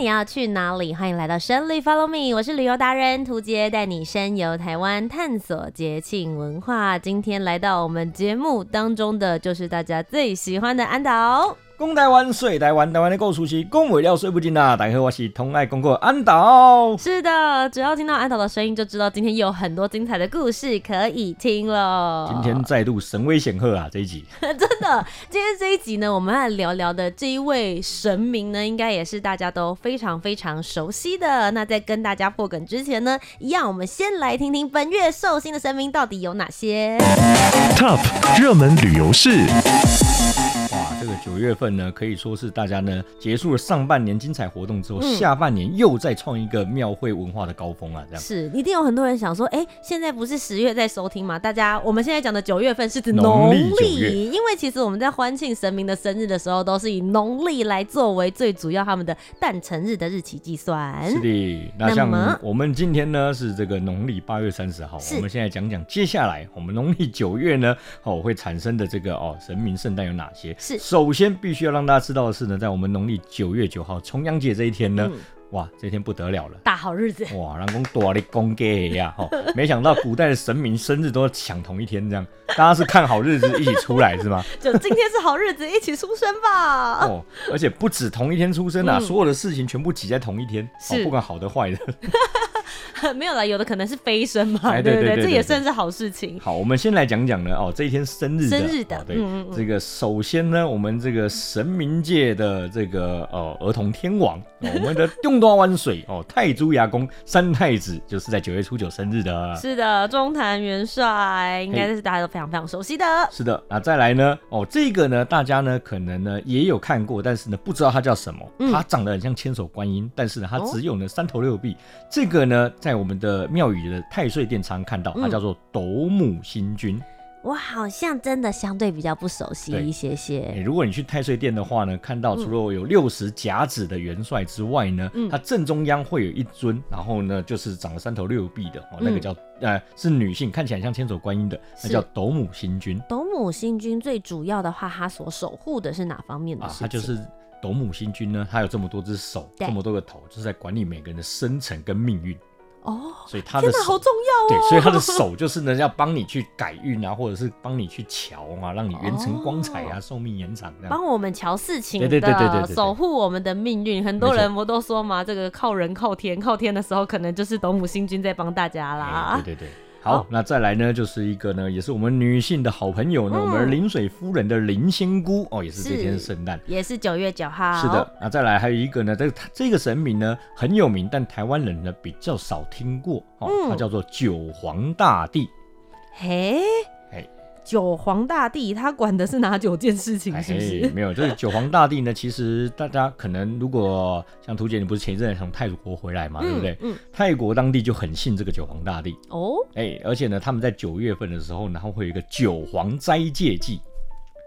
你要去哪裡？歡迎來到深旅，Follow Me，我是旅遊達人屠潔，帶你深遊台灣，探索節慶文化。今天來到我們節目當中的就是大家最喜歡的安導。攻台灣，睡台灣，台灣的夠熟悉，公未料睡不進啦、啊！大家好，我是同愛講古安導。是的，只要聽到安導的聲音，就知道今天有很多精彩的故事可以聽了。今天再度神威顯赫啊！這一集 真的，今天這一集呢， 我們要聊聊的這一位神明呢，應該也是大家都非常非常熟悉的。那在跟大家破梗之前呢，一樣，我們先來聽聽本月壽星的神明到底有哪些。Top 熱門旅遊市。這個九月份呢，可以說是大家呢結束了上半年精彩活動之後，嗯，下半年又再創一個廟會文化的高峰啊！這樣。是，一定有很多人想說，哎，現在不是十月在收聽嗎？大家，我們現在講的九月份是指農曆，農曆九月。因為其實我們在歡慶神明的生日的時候，都是以農曆來作為最主要他們的誕辰日的日期計算。是的，那像我們今天呢是這個農曆八月三十號，是我們現在講講接下來我們農曆九月呢哦會產生的這個哦神明聖誕有哪些？是。首先必須要讓大家知道的是呢，在我們農曆九月九號重陽節這一天呢，嗯、哇，這一天不得了了，大好日子，哇，老公多力公給呀。哦， 沒想到古代的神明生日都要搶同一天，這樣大家是看好日子一起出來 是嗎？就今天是好日子， 一起出生吧！哦，而且不止同一天出生吶、啊，嗯、所有的事情全部擠在同一天，是哦，不管好的壞的。 沒有啦，有的可能是飛升嘛，對對對，這也算是，是好事情。好，我們先來講講呢，哦，這一天生日的生日的，啊、對，嗯嗯這個首先呢，我們這個神明界的這個呃、哦、兒童天王， 我們的棟多灣水哦，太子爺公三太子，就是在九月初九生日的。是的，中壇元帥，應該是大家都非常非常熟悉的。Hey, 是的，那再來呢，哦，這個呢，大家呢可能呢也有看過，但是呢不知道他叫什麼，嗯、他長得很像千手觀音，但是呢他只有呢、哦、三頭六臂，這個呢。在我們的廟宇的太歲殿常看到，嗯、它叫做斗姆星君。我好像真的相對比較不熟悉一些些。欸、如果你去太歲殿的話呢，嗯、看到除了有六十甲子的元帥之外呢，嗯、它正中央會有一尊，然後呢就是長了三頭六臂的，哦、嗯，那個叫呃是女性，看起來像千手觀音的，那是叫斗姆星君。斗姆星君最主要的話，它所守護的是哪方面的啊？它就是斗姆星君呢，它有這麼多只手，對這麼多個頭，就是在管理每個人的生辰跟命運。哦，所以他的手好重要哦，對，所以他的手就是呢要幫你去改運啊， 或者是幫你去瞧啊，讓你圓成光彩啊，壽、哦、命延長這樣，幫我們瞧事情的對，對，對，對，對，對，對。守護我們的命運。很多人不都說嘛，錯這個靠人靠天，靠天的時候可能就是斗姆星君在幫大家啦、嗯。對對對。好，哦、那再來呢，就是一個呢，也是我們女性的好朋友呢，嗯、我們臨水夫人的林仙姑哦，也是這天的聖誕，也是九月九號，是的。那再來還有一個呢，這這個神明呢很有名，但台灣人呢比較少聽過哦，嗯、它叫做九皇大帝。嘿。九皇大帝他管的是哪九件事情？是不是、哎、沒有？就是九皇大帝呢？ 其實大家可能如果像屠姐，你不是前一陣從泰國回來嘛，嗯、對不對？嗯、泰國當地就很信這個九皇大帝。哦，哎，而且呢，他們在九月份的時候，然後會有一個九皇齋戒祭。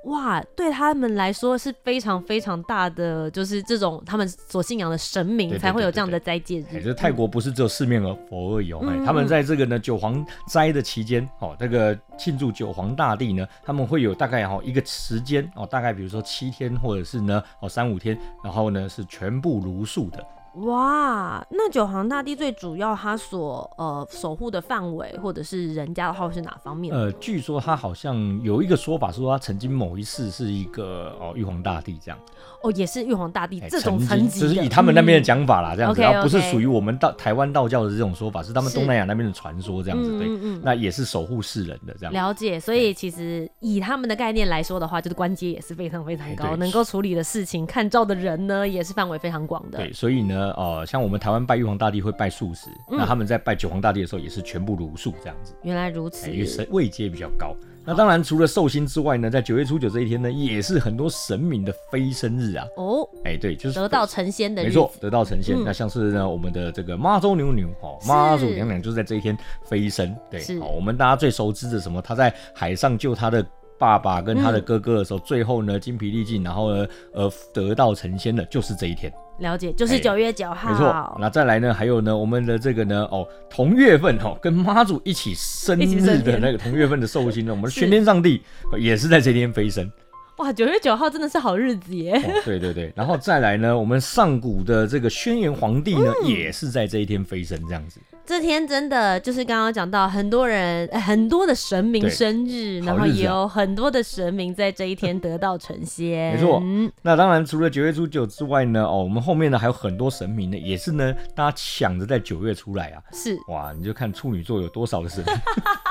哇，對他們來說是非常非常大的，就是這種他們所信仰的神明才會有這樣的齋戒。對對對對，泰國不是只有四面佛而已。哦、嗯、他們在這個呢九皇齋的期間，哦，這、那個慶祝九皇大帝呢，他們會有大概哈、哦、一個時間哦，大概比如說七天或者是呢哦三五天，然後呢是全部茹素的。哇，那九皇大帝最主要他所呃守護的範圍或者是人家的號，是哪方面？呃，據說他好像有一個說法，說他曾經某一世是一個哦玉皇大帝這樣。哦，也是玉皇大帝這種層級，只是以他們那邊的講法啦，這樣子，然後不是屬於我們道台灣道教的這種說法，是他們東南亞那邊的傳說這樣子，對，那也是守護世人的這樣。了解，所以其實以他們的概念來說的話，就是官階也是非常非常高，能夠處理的事情，看照的人呢也是範圍非常廣的。對，所以呢，呃，像我們台灣拜玉皇大帝會拜素食，那他們在拜九皇大帝的時候也是全部茹素。這樣子。原來如此，因為位階比較高。那當然，除了壽星之外呢，在九月初九這一天呢，也是很多神明的飛升日啊。哦，哎、欸，對，就是得道成仙的日子。沒錯，得道成仙。嗯、那像是呢，我們的這個媽祖娘娘哦，媽祖娘娘就在這一天飛升。是對，好，我們大家最熟知的什麼，她在海上救她的爸爸跟他的哥哥的時候，嗯、最後呢精疲力盡，然後呢，呃，得道成仙的就是這一天。了解，就是九月九號。欸、沒錯。那再來呢，還有呢，我們的這個呢，哦，同月份哦，跟媽祖一起生日的那個同月份的壽星呢，我們的玄天上帝是、呃、也是在這天飛升。哇，九月九號真的是好日子耶、哦！對對對，然後再來呢，我們上古的這個軒轅皇帝呢，嗯、也是在這一天飛升，這樣子。這天真的就是剛剛講到，很多人很多的神明生日，日啊、然後也有很多的神明在這一天得道成仙。沒錯，那當然除了九月初九之外呢，哦，我們後面呢還有很多神明呢，也是呢大家搶着在九月出來啊。是哇，你就看處女座有多少的神明。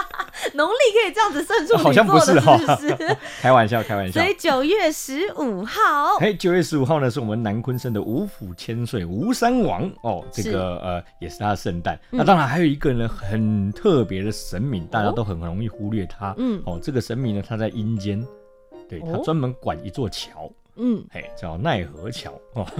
農曆可以這樣子算出，啊，好像不是哈，哦，是是 開玩笑，開玩笑。所以九月十五號，哎，九月十五號呢，是我們南鯤鯓的吳府千歲吳三王哦，這個是呃，也是他的聖誕。嗯、那當然還有一個呢，很特別的神明，大家都很容易忽略他。嗯、哦，哦，這個神明呢，他在陰間，嗯、對他專門管一座橋，嗯、哦，哎，叫奈何橋哦。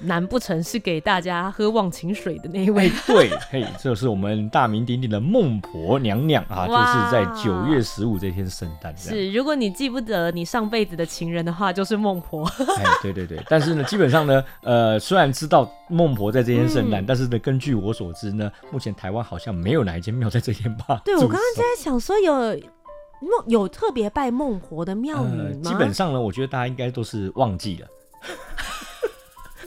難不成是給大家喝忘情水的那一位？欸、對，嘿、欸，這是我們大名鼎鼎的孟婆娘娘啊，哇就是在九月十五這天聖誕。是，如果你記不得你上輩子的情人的話，就是孟婆。哎、欸，對對對， 但是呢，基本上呢，呃，雖然知道孟婆在這天聖誕，嗯、但是呢，根據我所知呢，目前台灣好像沒有哪一間廟在這天吧？對，我剛剛在想說有，有孟有特別拜孟婆的廟宇嗎？呃、基本上呢，我覺得大家應該都是忘記了。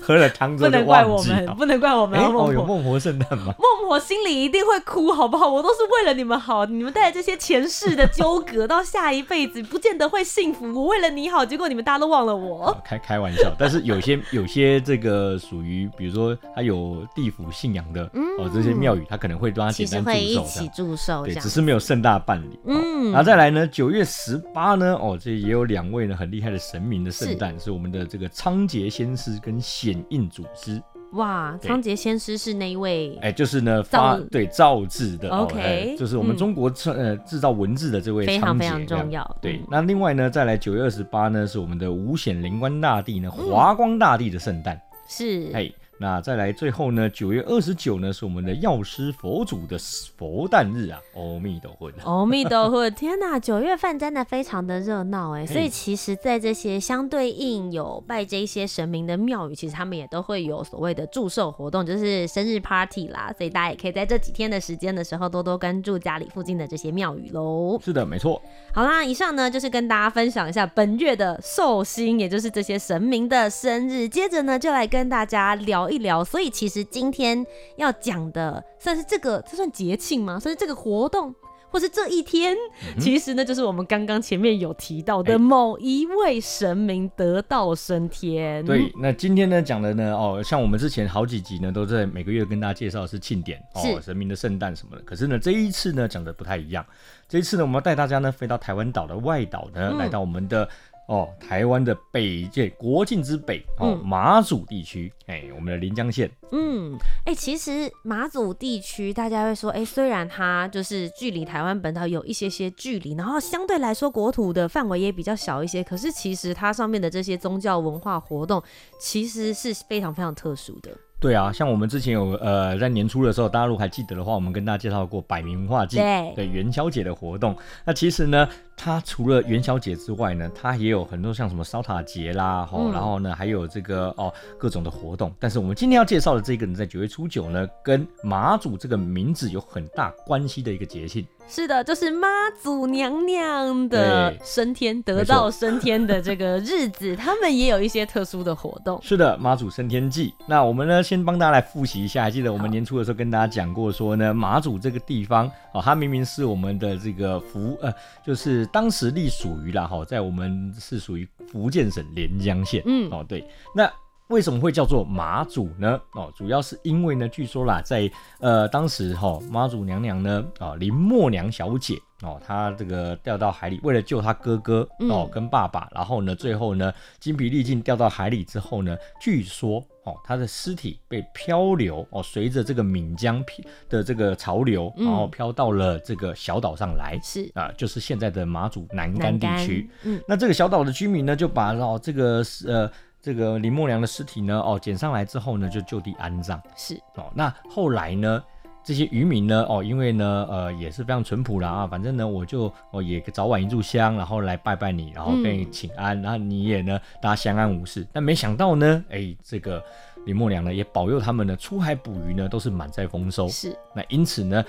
喝了湯之後，不能怪我們，不能怪我們。欸、哦，有孟婆聖誕嗎？孟婆心裡一定會哭，好不好？我都是為了你們好，你們帶來這些前世的糾葛 到下一輩子，不見得會幸福。我為了你好，結果你們大家都忘了我。開開玩笑，但是有些 有些這個屬於，比如說他有地府信仰的、嗯、哦，這些廟宇他可能會幫他簡單祝壽，這樣。祝壽對，只是沒有盛大的辦理。嗯、哦，然後再來呢，九月十八呢，哦，這也有兩位呢很厲害的神明的聖誕，是，是我們的這個倉頡先師跟顯印祖師，哇，倉頡對先師是哪一位？哎、欸，就是呢，發造對造字的，OK、呃、就是我們中國、嗯、呃製造文字的這位非常非常重要，對，那另外呢，再來九月二十八呢，是我們的五顯靈官大帝呢，華光大帝的聖誕、嗯，是哎。Hey, 那再來最後呢，九月二十九呢是我們的藥師佛祖的佛誕日啊，阿彌陀佛，阿彌陀佛，天哪、啊， 九月份真的非常的熱鬧哎，嘿所以其實，在這些相對應有拜這一些神明的廟宇，其實他們也都會有所謂的祝壽活動，就是生日 party 啦，所以大家也可以在這幾天的時間的時候，多多關注家裡附近的這些廟宇嘍。是的，沒錯。好啦，以上呢就是跟大家分享一下本月的壽星，也就是這些神明的生日，接着呢就來跟大家聊。一聊，所以其實今天要講的，算是這個，這算節慶嗎？算是這個活動，或是這一天，嗯、哼其實呢，就是我們剛剛前面有提到的某一位神明得道升天。欸、對，那今天呢講的呢，哦，像我們之前好幾集呢，都在每個月跟大家介紹的是慶典哦，是神明的聖誕什麼的。可是呢，這一次呢講的不太一樣。這一次呢，我們要帶大家呢飛到台灣島的外島呢，嗯、來到我們的。哦，台灣的北界，國境之北哦，嗯、馬祖地區，哎、欸，我們的連江縣。嗯，哎、欸，其實馬祖地區，大家會說，哎、欸，雖然它就是距離台灣本島有一些些距離，然後相對來說國土的範圍也比較小一些，可是其實它上面的這些宗教文化活動，其實是非常非常特殊的。對啊，像我們之前有呃在年初的時候，大家如果還記得的話，我們跟大家介紹過百名文化祭對、對元宵節的活動，那其實呢？它除了元宵節之外呢，它也有很多像什麼燒塔節啦，哦嗯、然後呢，還有這個哦各種的活動。但是我們今天要介紹的這個呢，在九月初九呢，跟媽祖這個名字有很大關係的一個節慶。是的，就是媽祖娘娘的升天對得道升天的這個日子，沒錯 他們也有一些特殊的活動。是的，媽祖升天祭。那我們呢先幫大家來複習一下，還記得我們年初的時候跟大家講過說呢，馬好祖這個地方哦，它明明是我們的這個福，呃，就是。當時隸屬於啦哈，在我們是屬於福建省連江縣。嗯哦，對，那為什麼會叫做媽祖呢？哦，主要是因為呢，據說啦，在呃當時哈、哦，媽祖娘娘呢，啊、哦、林默娘小姐哦，她這個掉到海裡，為了救她哥哥、嗯、哦跟爸爸，然後呢，最後呢，筋疲力盡掉到海裡之後呢，據說。哦，他的屍體被漂流哦，隨着這個閩江漂的這個潮流，嗯、然後漂到了這個小島上來，是啊、呃，就是現在的馬祖南竿地區。嗯，那這個小島的居民呢，就把哦這個呃這個林默娘的屍體呢，哦撿上來之後呢，就就地安葬。是哦，那後來呢？這些漁民呢，哦，因為呢，呃，也是非常淳樸啦。啊。反正呢，我就哦，也早晚一炷香，然後來拜拜你，然後跟你請安，嗯、然後你也呢，大家相安無事。但沒想到呢，哎，這個林默娘呢，也保佑他們呢，出海捕魚呢，都是滿載豐收。是。那因此呢。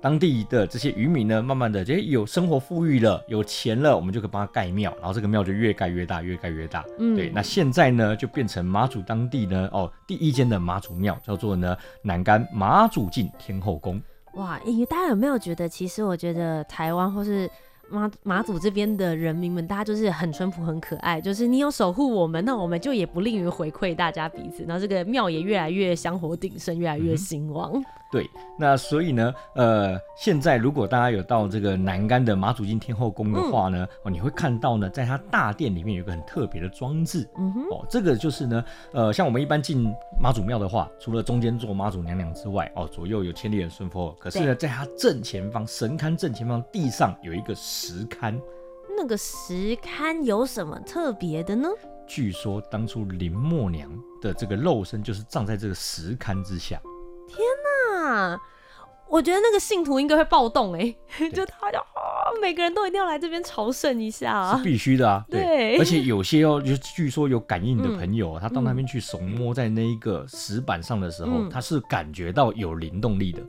當地的這些漁民呢，慢慢的就有生活富裕了，有錢了，我們就可以幫他蓋廟，然後這個廟就越蓋越大，越蓋越大。嗯，對。那現在呢，就變成馬祖當地呢，哦，第一間的馬祖廟叫做呢南竿馬祖境天後宮。哇，大家有沒有覺得，其實我覺得台灣或是馬馬祖這邊的人民們，大家就是很淳樸、很可愛。就是你有守護我們，那我們就也不吝於回饋大家彼此。然後這個廟也越來越香火鼎盛，越來越興旺。嗯對，那所以呢，呃，現在如果大家有到這個南竿的馬祖境天後宮的話呢，嗯、哦，你會看到呢，在他大殿裡面有一個很特別的裝置，嗯、哼哦，這個就是呢，呃，像我們一般進媽祖廟的話，除了中間坐媽祖娘娘之外，哦，左右有千里眼順風，可是呢，對在他正前方神龕正前方地上有一個石龕，那個石龕有什麼特別的呢？據說當初林默娘的這個肉身就是葬在這個石龕之下。啊，我覺得那個信徒應該會暴動哎，就他就啊，每個人都一定要來這邊朝聖一下啊，是必須的啊，對。而且有些哦，就據說有感應的朋友，他到那邊去手摸在那一個石板上的時候，他是感覺到有靈動力的，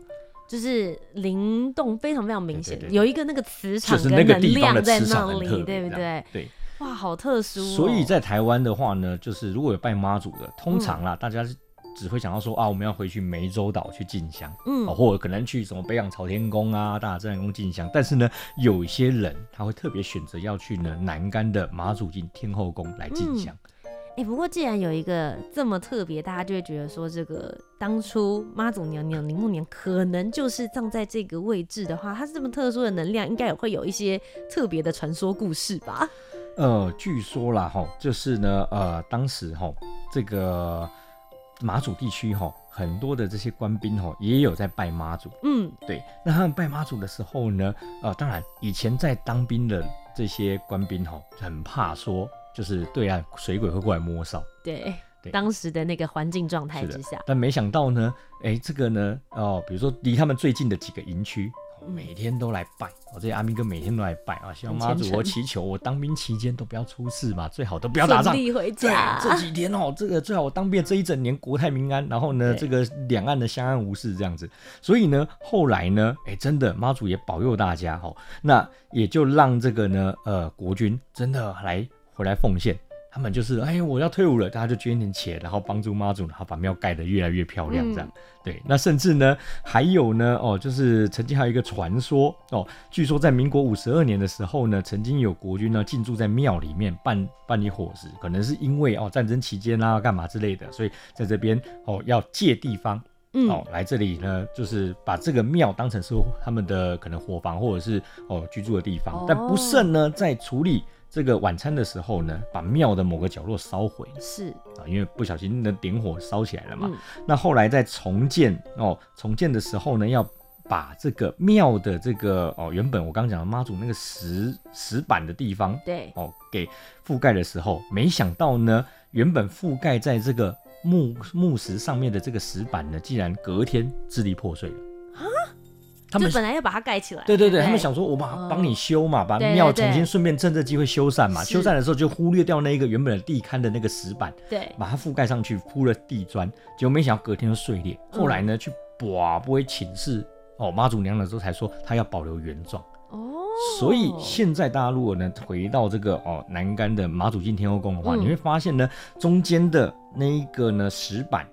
就是靈動非常非常明顯，有一個那個磁場跟能量在那裡，對不對？對，哇，好特殊。所以在台灣的話呢，就是如果有拜媽祖的，通常啦，大家是。只會想到說啊，我們要回去湄洲島去進香，嗯，或者可能去什麼北港朝天宮啊、大天後宮進香。但是呢，有一些人他會特別選擇要去呢南竿的馬祖境天後宮來進香。哎、嗯欸，不過既然有一個這麼特別，大家就會覺得說，這個當初媽祖娘娘林默娘，娘，娘可能就是葬在這個位置的話，它是這麼特殊的能量，應該也會有一些特別的傳說故事吧？呃，據說啦，哈、哦，就是呢，呃，當時哈、哦，這個。馬祖地區哈、哦，很多的這些官兵哈、哦，也有在拜媽祖。嗯，對。那他們拜媽祖的時候呢，啊、呃，當然以前在當兵的這些官兵哈、哦，很怕說就是對岸水鬼會過來摸哨。對，對。當時的那個環境狀態之下。但沒想到呢，哎、欸，這個呢，哦、呃，比如說離他們最近的幾個營區。每天都來拜，我、哦、這些阿明哥每天都來拜啊，希望媽祖我祈求，我當兵期間都不要出事嘛，最好都不要打仗，回家，對，這幾天哦，這個最好我當兵這一整年國泰民安，然後呢，對這個兩岸的相安無事這樣子，所以呢，後來呢，哎、欸，真的媽祖也保佑大家哈、哦，那也就讓這個呢，呃，國軍真的來回來奉獻。他們就是哎，我要退伍了，大家就捐一點錢，然後幫助媽祖，然後把廟蓋得越來越漂亮這樣。嗯、對，那甚至呢，還有呢，哦，就是曾經還有一個傳說哦，據說在民國五十二年的時候呢，曾經有國軍呢進駐在廟裡面辦辦理伙食，可能是因為哦戰爭期間啊幹嘛之類的，所以在這邊哦要借地方，嗯、哦來這裡呢就是把這個廟當成是他們的可能伙房或者是哦居住的地方，哦、但不慎呢在處理。這個晚餐的時候呢，把廟的某個角落燒毀，是啊，因為不小心的點火燒起來了嘛。嗯、那後來在重建哦，重建的時候呢，要把這個廟的這個哦，原本我剛剛講的媽祖那個石石板的地方，對哦，給覆蓋的時候，沒想到呢，原本覆蓋在這個木木石上面的這個石板呢，竟然隔天支離破碎了。他們本來要把它蓋起來，對對對，對，他們想說我把，我幫幫你修嘛，嗯、把廟重新順便趁這機會修繕嘛。對對對，修繕的時候就忽略掉那一個原本的地龕的那個石板，對是，把它覆蓋上去鋪了地磚，結果沒想到隔天就碎裂。後來呢，嗯、去啊，不會請示哦媽祖娘娘的時候才說她要保留原狀哦。所以現在大家如果能回到這個哦南竿的媽祖進天後宮的話，嗯、你會發現呢中間的那一個呢石板。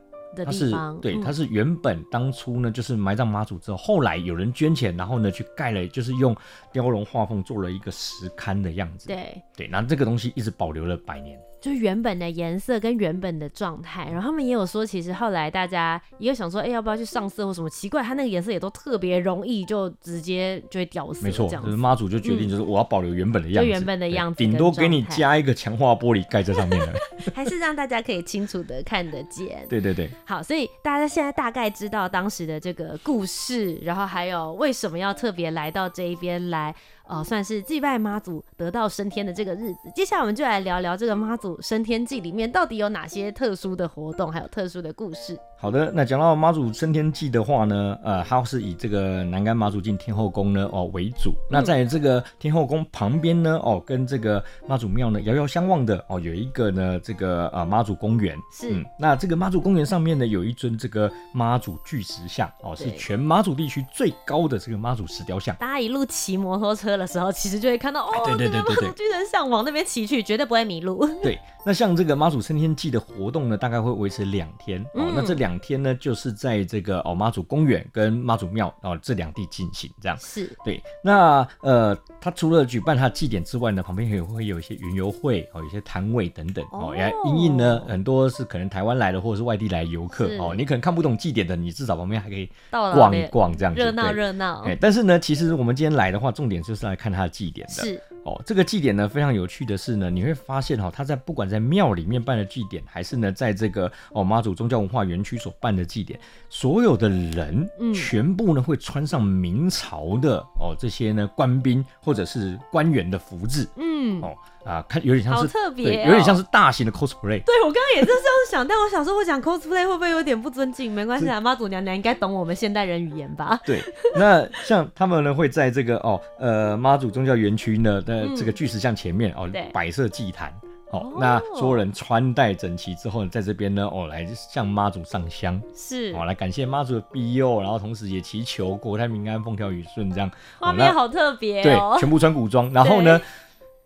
它是對，嗯，它是原本當初呢，就是埋葬媽祖之後，後來有人捐錢，然後呢去蓋了，就是用雕龍畫鳳做了一個石龕的樣子，對對，那這個東西一直保留了百年。就原本的顏色跟原本的狀態，然後他們也有說，其實後來大家也有想說，哎、欸，要不要去上色或什麼？奇怪，它那個顏色也都特別容易就直接就會掉色。沒錯，就是媽祖就決定、嗯，就是我要保留原本的樣子，就原本的樣子對，頂對多給你加一個強化玻璃蓋在上面 還是讓大家可以清楚的看得見。對對對，好，所以大家現在大概知道當時的這個故事，然後還有為什麼要特別來到這一邊來。哦，算是祭拜媽祖得道升天的這個日子。接下來我們就來聊聊這個媽祖昇天祭裡面到底有哪些特殊的活動，還有特殊的故事。好的，那講到媽祖昇天祭的話呢，呃，它是以這個南竿媽祖進天後宮呢哦為主。那在這個天後宮旁邊呢哦，跟這個媽祖廟呢遙遙相望的哦，有一個呢這個呃媽祖公園。是。那這個媽祖公園上面呢有一尊這個媽祖巨石像哦，是全馬祖地區最高的這個媽祖石雕像。大家一路騎摩托車的時候，其實就會看到哦，對對，對對對對，巨人想往那邊騎去，絕對不會迷路。對，那像這個媽祖升天祭的活動呢，大概會維持兩天、嗯、哦。那這兩天呢，就是在這個哦媽祖公園跟媽祖廟哦這兩地進行這樣。是，對。那呃，他除了舉辦他的祭典之外呢，旁邊也會有一些園遊會哦，有些攤位等等哦。也、哦、因為呢，很多是可能台灣來的或者是外地來遊客是哦，你可能看不懂祭典的，你至少旁邊還可以逛一逛這樣子，熱鬧熱鬧。哎，但是呢，其實我們今天來的話，重點就是。來看他的祭典的。哦，這個祭典呢，非常有趣的是呢，你會發現哈、哦，他在不管在廟裡面辦的祭典，還是呢，在這個哦媽祖宗教文化園區所辦的祭典，所有的人，嗯，全部呢、嗯、會穿上明朝的哦這些呢官兵或者是官員的服制，嗯，哦啊，看有點像是好特別、啊，有點像是大型的 cosplay。對，我剛剛也是這樣想， 但我想說，會講 cosplay 會不會有點不尊敬？沒關係啊，媽這祖娘娘應該懂我們現代人語言吧？對，那像他們呢 會在這個哦呃媽祖宗教園區呢。呃，嗯、這個巨石像前面哦，對擺設祭壇哦，哦那所有人穿戴整齊之後呢，在這邊呢哦，來向媽祖上香，是，哦，來感謝媽祖的庇佑，然後同時也祈求國泰民安、風調雨順這樣。畫外面、哦、那好特別、哦，對，全部穿古裝。然後呢，對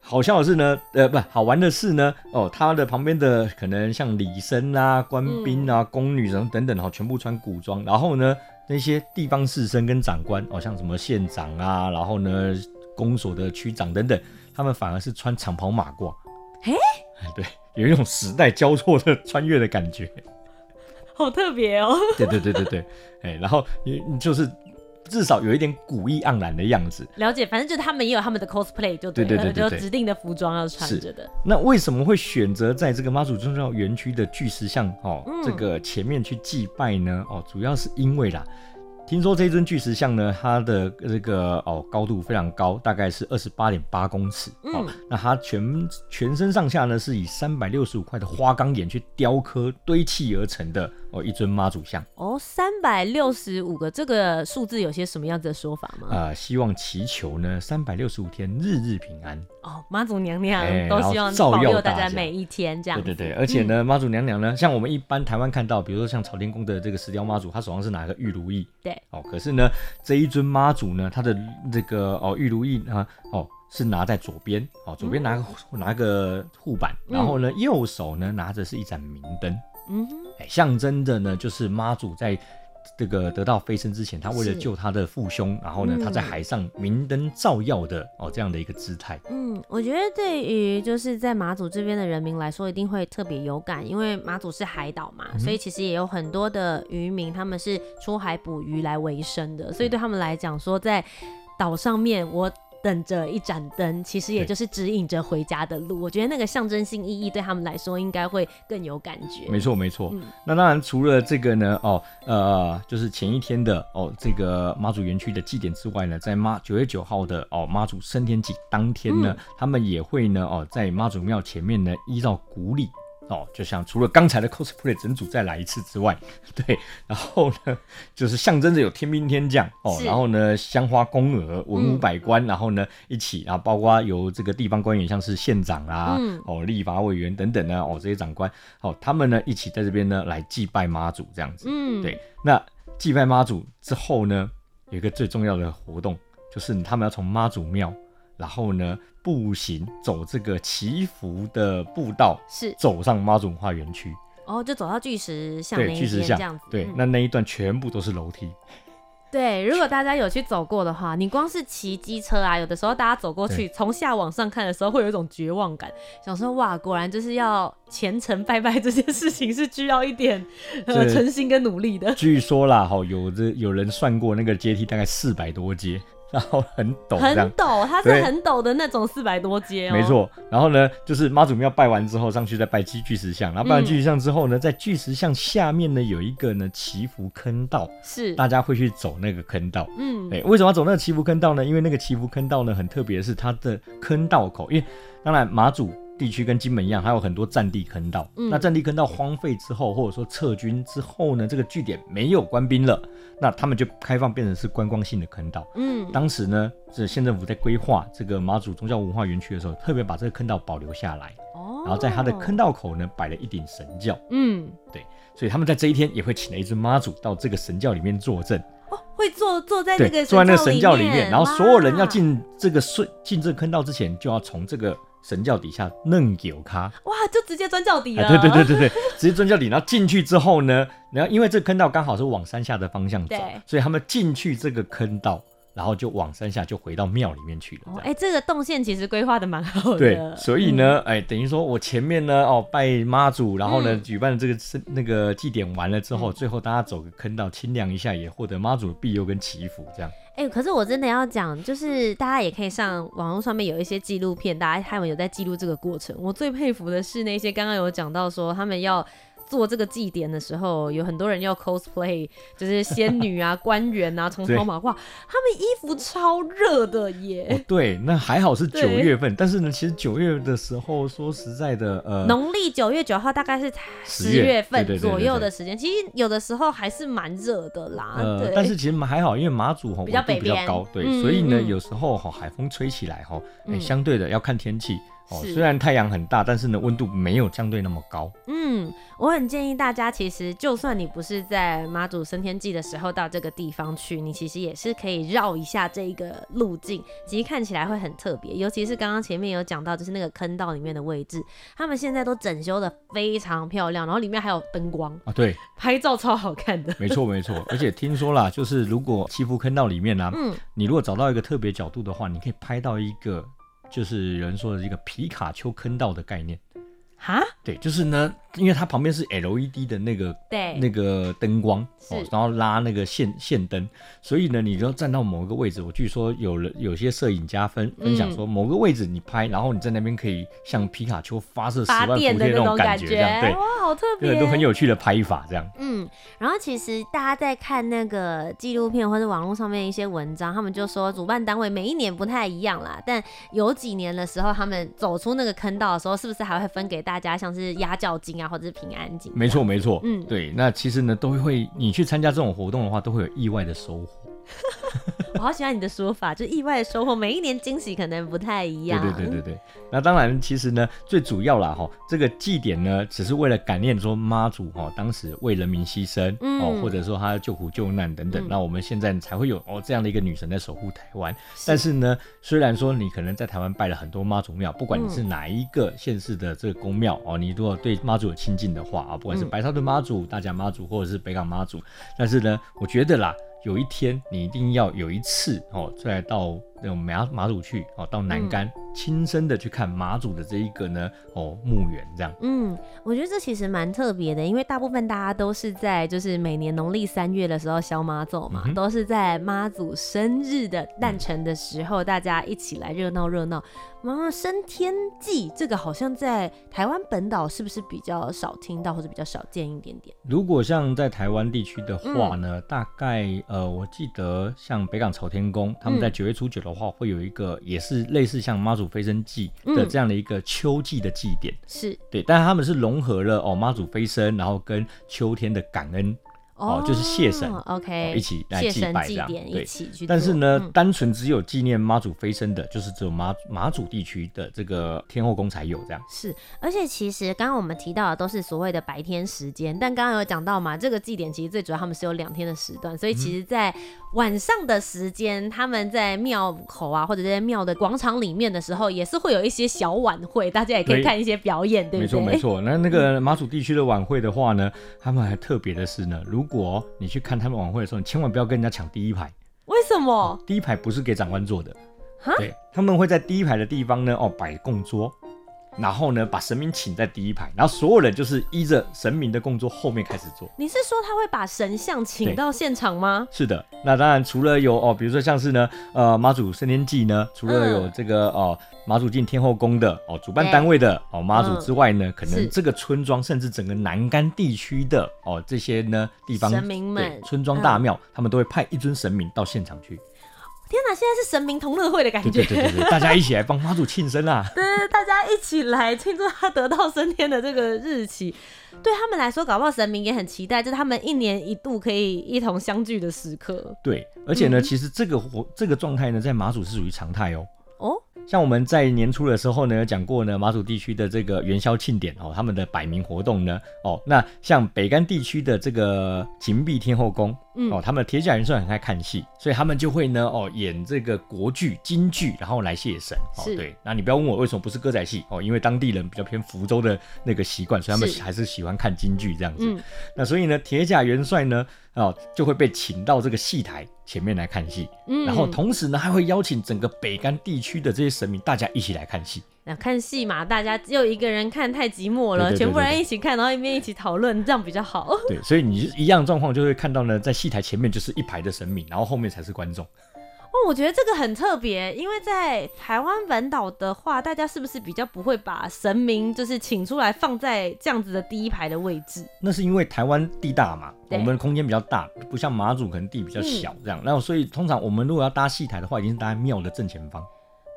好笑的是呢，呃，不，好玩的是呢，哦，他的旁邊的可能像禮生啊、官兵啊、嗯、宮女什麼等等哈、哦，全部穿古裝。然後呢，那些地方士紳跟長官哦，像什麼縣長啊，然後呢。嗯公所的區長等等，他們反而是穿長袍馬褂，哎、欸，對，有一種時代交錯的穿越的感覺，好特別哦。對對對對對，哎、 欸，然後你，你就是至少有一點古意盎然的樣子。了解，反正就是他們也有他們的 cosplay，就對對對，對對對，有指定的服裝要穿着的。那為什麼會選擇在這個媽祖宗教園區的巨石像哦、喔嗯、這個前面去祭拜呢？哦、喔，主要是因為啦。聽說這尊巨石像呢，它的這個哦高度非常高，大概是二十八點八公尺。嗯、哦，那它全全身上下呢，是以三百六十五塊的花崗岩去雕刻堆砌而成的哦一尊媽祖像。哦，三百六十五個這個數字有些什麼樣子的說法嗎？啊、呃，希望祈求呢三百六十五天日日平安。哦，媽祖娘娘都希望保佑大家每一天這樣。欸、對對對，而且呢，媽祖娘娘呢，像我們一般台灣看、嗯、看到，比如說像朝天宮的這個石雕媽祖，她手上是拿個玉如意。對。哦，可是呢，這一尊媽祖呢，他的這個哦玉如意呢、啊，哦是拿在左邊，哦左邊拿，拿個拿個護板，然後呢右手呢拿着是一盞明燈，嗯哼、欸，象徵着呢就是媽祖在。這個得到飛升之前，嗯、他為了救他的父兄，是然後呢，他在海上明燈照耀的、嗯、哦，這樣的一個姿態。嗯，我覺得對於就是在馬祖這邊的人民來說，一定會特別有感，因為馬祖是海島嘛，嗯、所以其實也有很多的漁民，他們是出海捕魚來為生的，所以對他們來講說，在島上面我。等着一盞燈，其實也就是指引着回家的路。對我覺得那個象徵性意義對他們來說應該會更有感覺。沒錯，沒錯。嗯、那當然，除了這個呢，哦，呃，就是前一天的哦，這個媽祖園區的祭典之外呢，在媽九月九號的哦媽祖升天祭當天呢，嗯、他們也會呢哦在媽祖廟前面呢依照古禮。哦，就像除了剛才的 cosplay 整組再來一次之外，對，然後呢，就是象徵着有天兵天將哦，是然後呢，香花宮娥、文武百官，嗯、然後呢一起啊，包括有這個地方官員，像是縣長啦、啊，嗯、哦，立法委員等等呢，哦，這些長官，哦，他們呢一起在這邊呢來祭拜媽祖這樣子，嗯、對，那祭拜媽祖之後呢，有一個最重要的活動，就是他們要從媽祖廟，然後呢。步行走這個祈福的步道，是走上媽祖文化園區，哦，就走到巨石像那一邊，對，巨石像這樣子對，嗯、那那一段全部都是樓梯。對，如果大家有去走過的話，你光是騎機車啊，有的時候大家走過去，從對下往上看的時候，會有一種絕望感，想說哇，果然就是要虔誠拜拜，這件事情是需要一點呃誠這心跟努力的。據說啦，好有這有人算過那個階梯大概四百多階。然後很陡，很陡，它是很陡的那種，四百多階、哦、沒錯，然後呢，就是媽祖廟拜完之後，上去再拜七巨石像，然後拜完巨石像之後呢，嗯、在巨石像下面呢，有一個呢祈福坑道，是大家會去走那個坑道。嗯，哎，為什麼要走那個祈福坑道呢？因為那個祈福坑道呢，很特別的是它的坑道口，因為當然馬祖地區跟金門一樣，還有很多戰地坑道。嗯、那戰地坑道荒廢之後，或者說撤軍之後呢，這個據點沒有官兵了，那他們就開放變成是觀光性的坑道。嗯，當時呢，是縣政府在規劃這個媽祖宗教文化園區的時候，特別把這個坑道保留下來。哦，然後在它的坑道口呢，擺了一頂神轎。嗯，對，所以他們在這一天也會請了一隻媽祖到這個神轎裡面坐鎮。哦，會坐坐在那個坐在那個神轎裡面，然後所有人要進這個順進這個坑道之前，就要從這個。神轎底下鑽轎腳，哇，就直接鑽轎底了。對、哎、對對對對，直接鑽轎底。然後進去之後呢，然後因為這個坑道剛好是往山下的方向走，對所以他們進去這個坑道，然後就往山下就回到廟裡面去了、哦。哎，這個動線其實規劃的蠻好的。對，所以呢，嗯、哎，等於說我前面呢，哦，拜媽祖，然後呢，舉辦了這個那個祭典完了之後，嗯、最後大家走個坑道，清涼一下，也獲得媽祖的庇佑跟祈福，這樣。哎、欸，可是我真的要講，就是大家也可以上網絡上面有一些紀錄片，大家他們有在記錄這個過程。我最佩服的是那些剛剛有講到說他們要。做這個祭典的時候，有很多人要 cosplay，就是仙女啊、 官員啊，穿超馬褂對，他們衣服超熱的耶、哦。對，那還好是九月份，對但是呢，其實九月的時候，說實在的，呃，農曆九月九號大概是十月份左右的時間，對對對對，其實有的時候還是蠻熱的啦。對，呃，但是其實還好，因為馬祖吼、哦、比較北邊比較高，對，嗯嗯嗯，所以呢，有時候吼、哦、海風吹起來吼、哦欸，相對的要看天氣。嗯哦，是雖然太陽很大，但是呢，溫度沒有相對那麼高。嗯，我很建議大家，其實就算你不是在媽祖昇天祭的時候到這個地方去，你其實也是可以繞一下這一個路徑，其實看起來會很特別。尤其是剛剛前面有講到，就是那個坑道裡面的位置，他們現在都整修得非常漂亮，然後裡面還有燈光啊，對，拍照超好看的。沒錯沒錯，而且聽說啦， 就是如果欺負坑道裡面呢、啊，嗯，你如果找到一個特別角度的話，你可以拍到一個。就是有人說的這個皮卡丘坑道的概念，哈？對，就是呢。因為它旁邊是 L E D 的那個對那個燈光哦、喔，然後拉那個線線燈，是所以呢，你就站到某個位置。我據說有人有些攝影家分、嗯、分享說，某個位置你拍，然後你在那邊可以向皮卡丘發射十萬伏特那,那種感覺，對哇，好特別，對，都很有趣的拍法這樣。嗯，然後其實大家在看那個紀錄片或者網絡上面一些文章，他們就說主辦單位每一年不太一樣啦，但有幾年的時候，他們走出那個坑道的時候，是不是還會分給大家像是壓轎金？或者是平安景，沒錯沒錯，嗯，對，那其實呢，都會你去參加這種活動的話，都會有意外的收穫。 我好喜歡你的說法，就意外的收穫，每一年驚喜可能不太一樣。對對對對對，那當然，其實呢，最主要啦哈、哦，這個祭典呢，只是為了感念說媽祖哈、哦，當時為人民犧牲、嗯、哦，或者說他救苦救難等等，嗯、那我們現在才會有哦這樣的一個女神在守護台灣。是但是呢，雖然說你可能在台灣拜了很多媽祖廟，不管你是哪一個縣市的這個宮廟、嗯、哦，你如果對媽祖有親近的話啊、哦，不管是白沙屯媽祖、大甲媽祖或者是北港媽祖，但是呢，我覺得啦。有一天，你一定要有一次哦，再來到。那種馬馬祖去哦，到南竿，嗯、親身的去看媽祖的這一個呢哦墓園這樣。嗯，我覺得這其實蠻特別的，因為大部分大家都是在就是每年農曆三月的時候小媽祖嘛，嗯、都是在媽祖生日的誕辰的時候，嗯、大家一起來熱鬧熱鬧。媽祖升天祭這個好像在台灣本島是不是比較少聽到或者比較少見一點點？如果像在台灣地區的話呢，嗯、大概呃我記得像北港朝天宮，嗯、他們在九月初九的。的話會有一個，也是類似像媽祖飛升祭的這樣的一個秋季的祭典，嗯、是對，但是他們是融合了哦媽祖飛升，然後跟秋天的感恩。哦，oh, 就是謝神，OK，哦、一起來祭拜這樣。對，但是呢，嗯、單純只有紀念媽祖飛昇的，就是只有馬馬祖地區的這個天後宮才有這樣。是，而且其實剛剛我們提到的都是所謂的白天時間，但剛剛有講到嘛，這個祭典其實最主要他們是有兩天的時段，所以其實在晚上的時間，他們在廟口啊或者這些廟的廣場裡面的時候，也是會有一些小晚會，大家也可以看一些表演，對，對不對？沒錯沒錯。那那個馬祖地區的晚會的話呢， 他們還特別的是呢，如如果你去看他們晚會的時候，你千萬不要跟人家搶第一排。為什麼？哦，第一排不是給長官坐的。蛤？對，他們會在第一排的地方呢，哦，擺供桌。然後呢，把神明請在第一排，然後所有人就是依着神明的供桌後面開始做。你是說他會把神像請到現場嗎？是的，那當然除了有哦，比如說像是呢，呃，媽祖升天祭呢，除了有這個、嗯、哦，媽祖進天後宮的哦，主辦單位的、欸、哦，媽祖之外呢，嗯、可能這個村莊是甚至整個南竿地區的哦，這些呢地方神明們對村莊大廟，嗯、他們都會派一尊神明到現場去。天吶，現在是神明同樂會的感覺，對對對對，大家一起來幫媽祖慶生啊！對 對，大家一起來慶祝他得道升天的這個日期，對他們來說，搞不好神明也很期待，就是他們一年一度可以一同相聚的時刻。對，而且呢，嗯、其實這個活這個狀態呢，在馬祖是屬於常態哦。像我們在年初的時候呢，有講過呢，馬祖地區的這個元宵慶典哦，他們的擺暝活動呢，哦，那像北竿地區的這個芹壁天後宮，哦，他們的鐵甲元帥很愛看戲，所以他們就會呢，哦，演這個國劇京劇，然後來謝神。哦，對，是那你不要問我為什麼不是歌仔戲哦，因為當地人比較偏福州的那個習慣，所以他們還是喜歡看京劇這樣子。嗯、那所以呢，鐵甲元帥呢？哦，就會被請到這個戲台前面來看戲，嗯，然後同時呢，還會邀請整個北竿地區的這些神明，大家一起來看戲。那看戲嘛，大家只有一個人看太寂寞了，全部人一起看，然後一邊一起討論，這樣比較好。對，所以你一樣狀況就會看到呢，在戲台前面就是一排的神明，然後後面才是觀眾。哦，我覺得這個很特別，因為在台灣本島的話，大家是不是比較不會把神明就是請出來放在這樣子的第一排的位置？那是因為台灣地大嘛，對我們的空間比較大，不像馬祖可能地比較小這樣。嗯、然後所以通常我們如果要搭戲台的話，一定是搭在廟的正前方。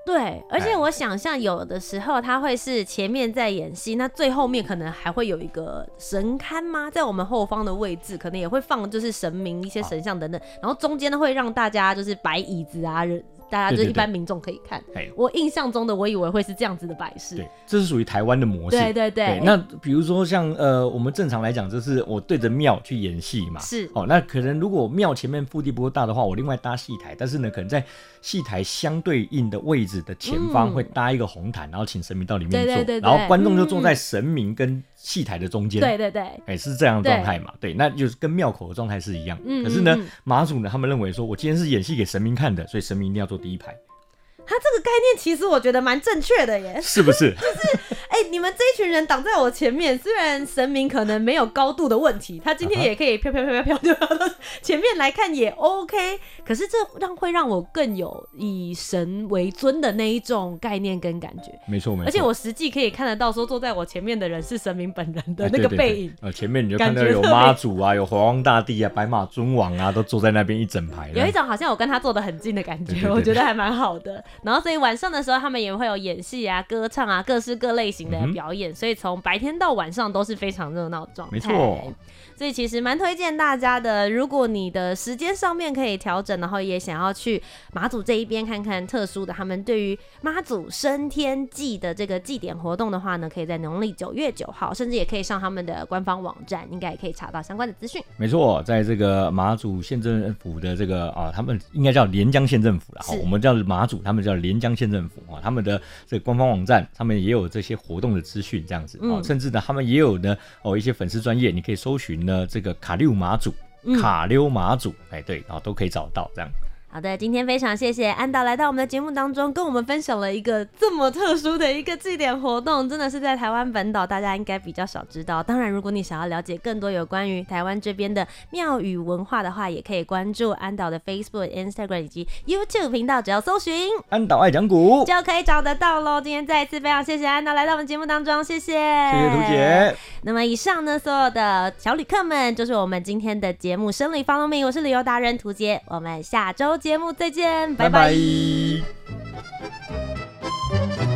對，而且我想象有的時候他會是前面在演戲，唉那最後面可能還會有一個神龕嗎？在我們後方的位置，可能也會放就是神明一些神像等等，好然後中間呢，會讓大家就是擺椅子啊。大家就一般民眾可以看。對對對，我印象中的，我以為會是這樣子的擺設。對，這是屬於台灣的模式。對對對，對。那比如說像呃，我們正常來講，就是我對着廟去演戲嘛。是。哦，那可能如果廟前面腹地不夠大的話，我另外搭戲台。但是呢，可能在戲台相對應的位置的前方會搭一個紅毯，嗯、然後請神明到裡面坐。對，對，對，對。然後觀眾就坐在神明跟、嗯。戲臺的中間，對對對，哎，是這樣的狀態嘛，對，對，那就是跟廟口的狀態是一樣。嗯嗯嗯，可是呢，馬祖呢，他們認為說，我今天是演戲給神明看的，所以神明一定要坐第一排。他這個概念其實我覺得蠻正確的耶，是不是？ 就是哎、欸，你們這一群人擋在我前面，雖然神明可能沒有高度的問題，他今天也可以飄飄飄飄飄就前面來看也 OK。可是這讓會讓我更有以神為尊的那一種概念跟感覺。沒錯沒錯。而且我實際可以看得到，說坐在我前面的人是神明本人的那個背影啊、欸呃，前面你就看到有媽祖啊，有皇大帝啊，白馬尊王啊，都坐在那邊一整排。有一種好像我跟他坐得很近的感覺，對對對對我覺得還蠻好的。然後所以晚上的時候，他們也會有演戲啊、歌唱啊，各式各類型的表演。嗯、哼所以從白天到晚上都是非常熱鬧的狀態。沒錯錯。所以其實蠻推薦大家的，如果你的時間上面可以調整，然後也想要去馬祖這一邊看看特殊的他們對於馬祖升天祭的這個祭典活動的話呢，可以在農曆九月九號，甚至也可以上他們的官方網站，應該也可以查到相關的資訊。沒錯，在這個馬祖縣政府的這個啊，他們應該叫連江縣政府了哈，好是我們叫馬祖他們。叫連江縣政府啊，他們的這個官方網站上面也有這些活動的資訊，這樣子啊，嗯、甚至呢，他們也有呢哦一些粉絲專頁，你可以搜尋呢這個卡溜馬祖，嗯、卡溜馬祖，哎對，然後都可以找到這樣子。好的，今天非常謝謝安導來到我們的節目當中，跟我們分享了一個這麼特殊的一個祭典活動，真的是在台灣本島大家應該比較少知道。當然，如果你想要了解更多有關於台灣這邊的廟宇文化的話，也可以關注安導的 Facebook、Instagram 以及 YouTube 頻道，只要搜尋“安導愛講古”就可以找得到嘍。今天再一次非常謝謝安導來到我們節目當中，謝謝謝謝屠潔。那麼以上呢，所有的小旅客們，就是我們今天的節目《深旅 Follow Me，我是旅遊達人屠潔，我們下周見。節目再見，拜拜。拜拜。